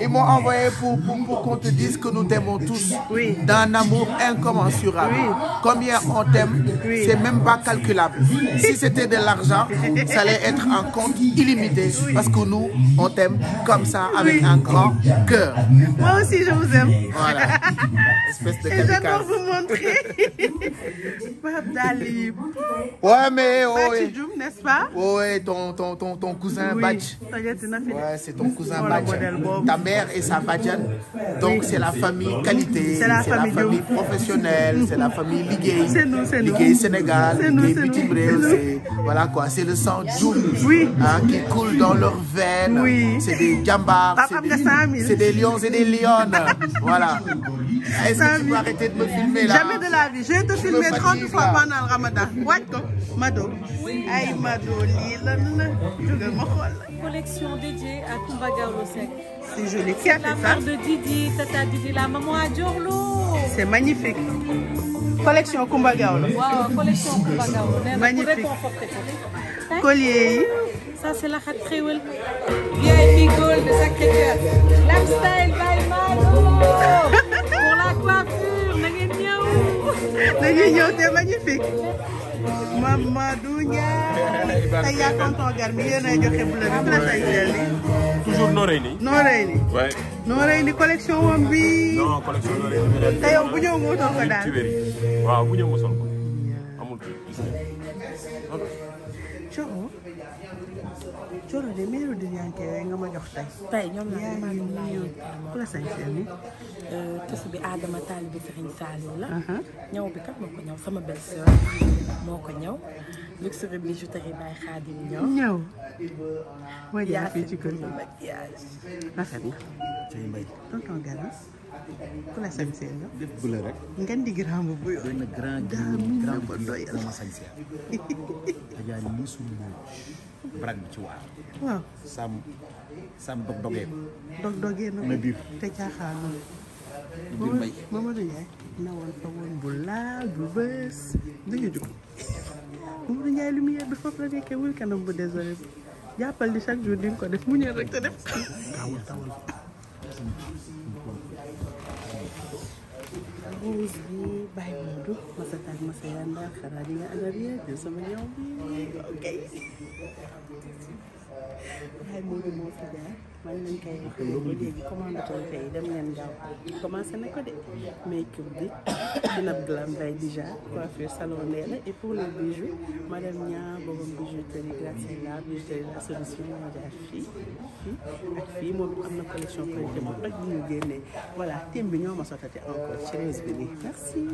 Ils m'ont envoyé pour, qu'on te dise que nous t'aimons tous. D'un amour incommensurable. Combien on t'aime, c'est même pas calculable. si c'était de l'argent, ça allait être un compte illimité. Parce que nous, on t'aime comme ça, avec un grand cœur. Moi aussi, je vous aime. Espèce de j'adore vous montrer. Dali. Ouais, mais. Oh, ouais. n'est-ce pas oh, Ouais, ton, ton, ton, cousin oui. Ouais, c'est ton cousin Batch Ta mère et sa Badjan. Donc, c'est la famille qualité. C'est la, famille, professionnelle. C'est la famille Ligue. C'est nous, c'est nous. Ligue Sénégal. C'est nous, c'est Voilà quoi. C'est le sang Djoum. Hein, qui coule dans leurs veines. C'est des gambards C'est des, des lions et des lionnes. voilà. Est-ce que tu peux arrêter de me filmer là Jamais de la vie. Je vais te filmer 30 fois pendant le ramadan. What mado. Mado. Aïe Mado l'île. collection dédiée à Kumbagao. C'est joli. Qui a fait ça? la mère de Didi, Tata Didi, la maman à C'est magnifique. collection Kumbagao. Wow. collection Kumbagao. Gaolo. magnifique collier ça c'est la xat Will. VIP Gold de Sacré-Cœur. Lifestyle Mamadou Ndiaye. tey yaa tonton Gar mi joxe bleu bi bu la tey jëlee. toujours Noreyni. Noreyni. waay Noreyni collection woon bi non collection Noreyni bi daal. te yow bu ñëw moo sol ko daal. waaw bu ñëw moo sol ko. amul gis nga. Coro. Coro de meeru Dilian Kébé nga ma jox tey. la sañse ni tusu euh, bi Adama Tall bi Serigne Saliou la uh-huh. ñaw bi kat moo ko ñaw sama belle-sœur moo ko ñaw luxury bijouterie Baye ci kër maquillage rafet na tey di grand bu bu benn grand grand ba doyal ma sañse ajaa ni musul moom braque bi ci waar. waaw saam saam dog dogee ko. dog dogee na biir te caaxaanul. biir mbay Mamadou Ndiaye nawoon fa woon bu laal bu bës dañu jóg Mamadou Ndiaye lumière bi foofu la nekkee wul kanam bu désolé bi jàppal ni chaque jour di nga ko def mu ñëw rek te def. rose bi Baye Modou masakan masayanda xanaa di nga andaria jël sama ñëw bi ok Baye Modou moo fi jaar man lañ koy wax léegi commande ko tey dem ngeen gaaw na ko de make-up bi dina glam day salon Ndella et pour les bijoux madame la bijouterie la solution moo jaar fii ak fii moom am na collection collecté bu toj bu ñu génnee voilà thème bi ñoo ma sotati encore Merci.